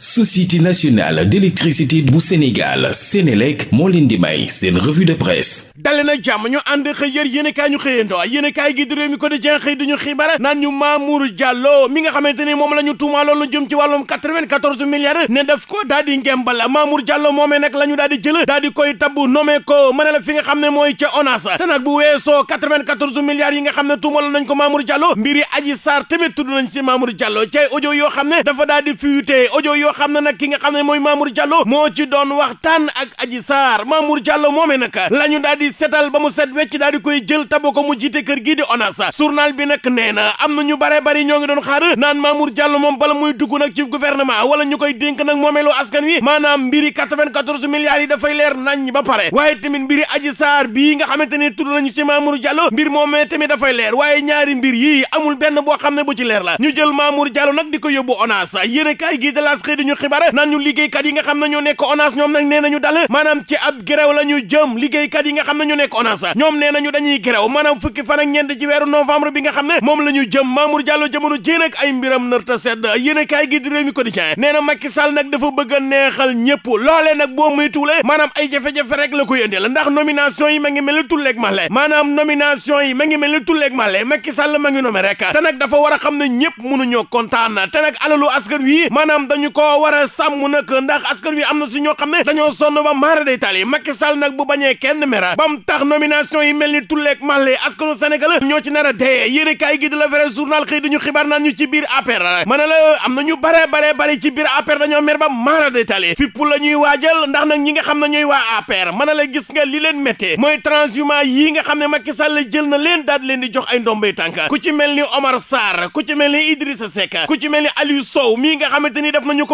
société nationale d'électricité bu Sénégal Sénélec moo leen di may seen revue de presse dale na jàmm ñu ànd xëy yër yéenekaay ñu xëyandoo yéenekaay gi di Rewmi Quotidien xëy di ñu xibaar naan ñu Mamour Diallo mi nga xamante ni moom la ñu tuumaaloon lu jëm ci wàllum 94 milliards ne daf ko daal ngembal Mamour Diallo moomee nag la ñu jël daal koy tabbu nommé ko mën fi nga xam ne mooy ca ONAS te nag bu weesoo yi nga xam ne tuumaaloon nañ ko yoo xam ne nag ki nga xam ne mooy Mamour Diallo moo ci doon waxtaan ak Adji Sarr Mamour Diallo moomee nag la ñu daal di setal ba mu set wecc daal di koy jël tabo ko mu jiite kër gii di ONAS journal bi nag nee na am na ñu bare bari ñoo ngi doon xaar naan Mamour Diallo moom bala muy dugg nag ci gouvernement wala ñu koy dénk nag moomeelu askan wi maanaam mbiri 94 milliards yi dafay leer nañ ba pare waaye tamit mbiri Adji Sarr bii nga xamante ni tudd nañu ci Mamour Diallo mbir moomee tamit dafay leer waaye ñaari mbir yii amul benn boo xam ne bu ci leer la ñu jël Mamour Diallo nag di ko yóbbu ONAS yéen a kaay gii diñu xibaar naan ñu liggéeykat yi nga xam ne ñoo nekk ONAS ñoom nag nee nañu yi nga xam ne ñoo nekk ONAS ñoom nee nañu dañuy grève maanaam fukki fan ak ñeent ci weeru novembre bi nga xam ne moom la jëm Mamour Diallo jamono jéen ay mbiram nar ta sedd yéen a kaay gi di Rewmi nee na Macky Sall nag dafa bëgg a neexal ñëpp loolee nag boo muy tuulee maanaam ay jafe-jafe rek la koy indil ndax nomination yi ma ngi mel ni tulleeg male maanaam nomination yi ma ngi mel ni tulleeg male Macky Sall ma ngi nommé rek te nag dafa war a xam ne ñëpp mënuñoo kontaan te nag alalu askan wi maanaam koo war a sàmm nag ndax askan wi am na su ñoo xam ne dañoo sonn ba maara day tali Macky nag bu bañee kenn mera ba tax nomination yi mel ni tulleeg màlle askanu Sénégal ñoo ci nar a dee yéen kaay gi la vrai journal xëy dañu xibaar naan ñu ci biir APR ma ne la am na ñu bare bare bare ci biir APR dañoo mer ba maara day tali fippu la ñuy waajal ndax nag ñi nga xam ne ñooy waa APR ma ne la gis nga li leen méttee mooy transhumant yi nga xam ne Macky Sall jël na leen daal di leen di jox ay ndombay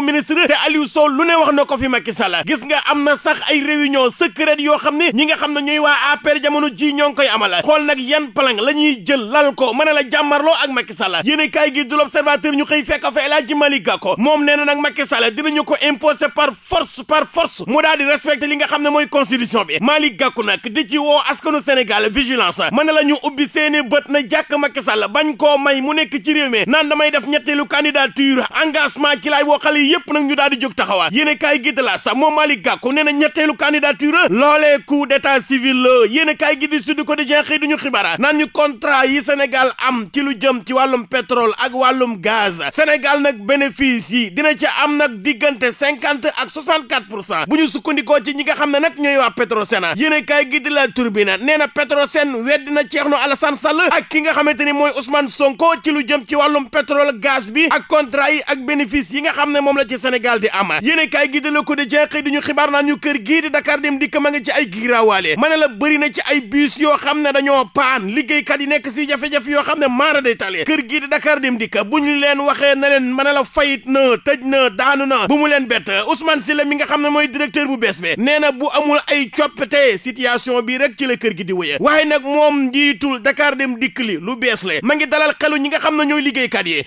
ministre te Aliou Sow lu ne wax na ko fi Macky Sall gis nga am na sax ay réunion secrète yoo xam ne ñi nga xam ne ñooy waa APR jamono ji ñoo ngi koy amala xool nag yan plan la ñuy jël lal ko mën a la jàmmarloo ak Macky Sall yéene kaay gi du l'observateur ñu xëy fekk fa El Hadji Malick Gakou moom nee na nag Macky Sall ko imposer par force par force mu daal di respecter li nga xam ne mooy constitution bi Malick Gakou nag di ci woo askanu Sénégal vigilance mën na la ñu ubbi seeni bët na jàkk Macky Sall bañ koo may mu nekk ci réew mi naan damay def ñetteelu candidature engagement ci laay woo yi yëpp nag ñu daal di jóg taxawaat yéene kaay gi de la sax moo Malick Gakou nee na ñetteelu candidature loolee coup sivil civil la yéene kaay gi ko Sud Quotidien xëy duñu xibaar naan ñu contrat yi Sénégal am ci lu jëm ci wàllum pétrole ak wàllum gaz Sénégal nag bénéfice yi dina ci am nag diggante cinquante ak soixante-quatre pour cent bu ñu sukkandikoo ci ñi nga xam ne nag ñooy waa Petrosen yéene kaay gi di la Tribune nee na Petrosen weddi na Thierno Alassane Sall ak ki nga xamante ni mooy Ousmane Sonko ci lu jëm ci wàllum pétrole gaz bi ak contrat yi ak yi nga xam ne moom moom la ci Sénégal di ama yéene kaay gi de la ko ñu xibaar naa ñu kër gii di Dakar dikk ma ci ay giiraawaale ma la bëri ci ay bus yoo xam ne dañoo paan liggéeykat yi nekk si jafe-jafe yoo xam ne maara day tale kër gii di Dakar dem dikk bu ñu leen waxee na leen ma ne la fayit na tëj na daanu na bu mu leen bett Ousmane Sylla mi nga xam ne mooy directeur bu bees bi nee bu amul ay coppite situation bi rek ci la kër gi di wëyee waaye nag moom njiitul Dakar dem dikk li lu bees le ma ngi dalal xelu ñi nga xam ne ñooy liggéeykat yi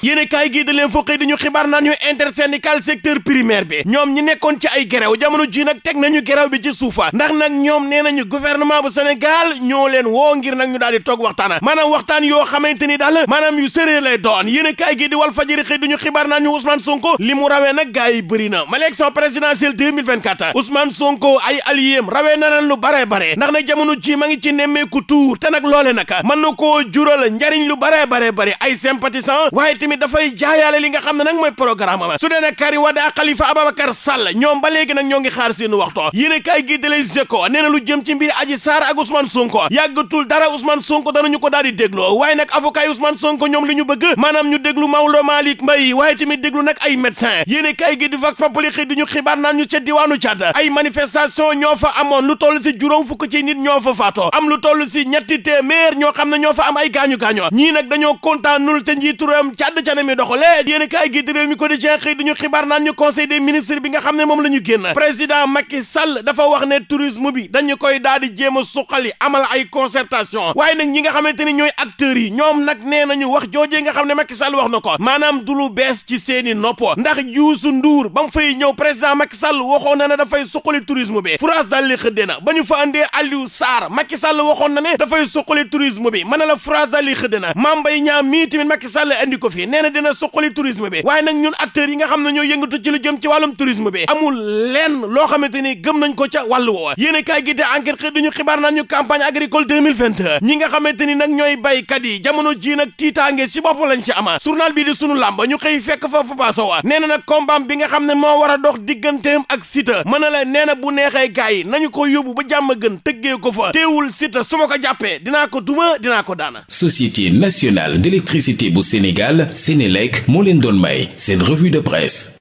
laal secteur primaire bi ñoom ñi nekkoon ci ay gerew jamono ji nag teg nañu gerew bi ci suufa ndax nag ñoom nee nañu gouvernement bu Sénégal ñoo leen woo ngir nag ñu daal di toog waxtaan maanaam waxtaan yoo xamante ni daal maanaam yu sérieux lay doon yéen a kaay gi di wal fajiri xëy duñu xibaar naan ñu Ousmane Sonko li mu rawee nag gars yi bëri na ma élection présidentielle 2024 Ousmane Sonko ay alliéem rawee na leen lu bare bare ndax nag jamono ji ma ngi ci nemmeeku tuur te nag loole nag mën na koo jural njariñ lu bare bare bare ay sympathisant waaye tamit dafay jaayaale li nga xam ne nag mooy programme Bakary Wade ak Khalifa Ababacar Sall ñoom ba léegi nag ñoo ngi xaar seen waxtu yéen kaay gi de ko daal di dégloo waaye nag avocat yi Ousmane Sonko ñoom li ñu bëgg maanaam ñu déglu Maodo Malick Mbaye waaye tamit déglu nag ay médecin yéen kaay gi di Vox Populi xëy di ñu xibaar naan ñu ca diwaanu Tchad ay manifestation ñoo fa amoon lu toll si juróom fukk ci ñoo fa faatoo am lu toll si ñetti téeméer ñoo xam ne ñoo fa am ay gaañu-gaañoo ñii nag dañoo kontaanul te njiitu réewam Tchad ca ne mi doxalee yéen kaay gi di réew mi ko di jeex xëy ñu xibaar xibaar naan ñu conseil des bi nga xam ne moom la ñu génn président Macky Sall dafa wax ne tourisme bi dañu koy daal di jéem a suqali amal ay concertation waaye nag ñi nga xamante ni ñooy acteurs yi ñoom nag nee nañu wax joojee nga xam ne Macky Sall wax na ko maanaam du lu bees ci seeni nopp ndax Youssou Ndour ba mu fay ñëw président Macky Sall waxoon na ne dafay suqali tourisme bi France daal na ba ñu fa andee Aliou Sall waxoon na ne dafay suqali tourisme bi mën na la France daal li xëddee na Mame Mbaye mii tamit Macky Sall andi fi nee na dina xam ne yëngatu ci lu jëm ci wàllum tourisme bi amul lenn loo xamante ni gëm nañ ko ca wàllu woowa yéen kaay gi de enquête xëy duñu xibaar naan ñu campagne agricole 2022 ñi nga xamante ni nag ñooy baykat yi jamono ji nag tiitaange si bopp lañ si ama journal bi di sunu làmb ñu xëy fekk fa Papa Sow nee na nag combat bi nga xam ne moo war a dox digganteem ak Siteu mën a la nee na bu neexee gars yi nañu ko yóbbu ba jàmm gën tëggee ko fa teewul Siteu su ma ko jàppee dinaa ko duma dinaa ko daana Société nationale d'électricité bu Sénégal Sénélec moo leen doon may seen revue de presse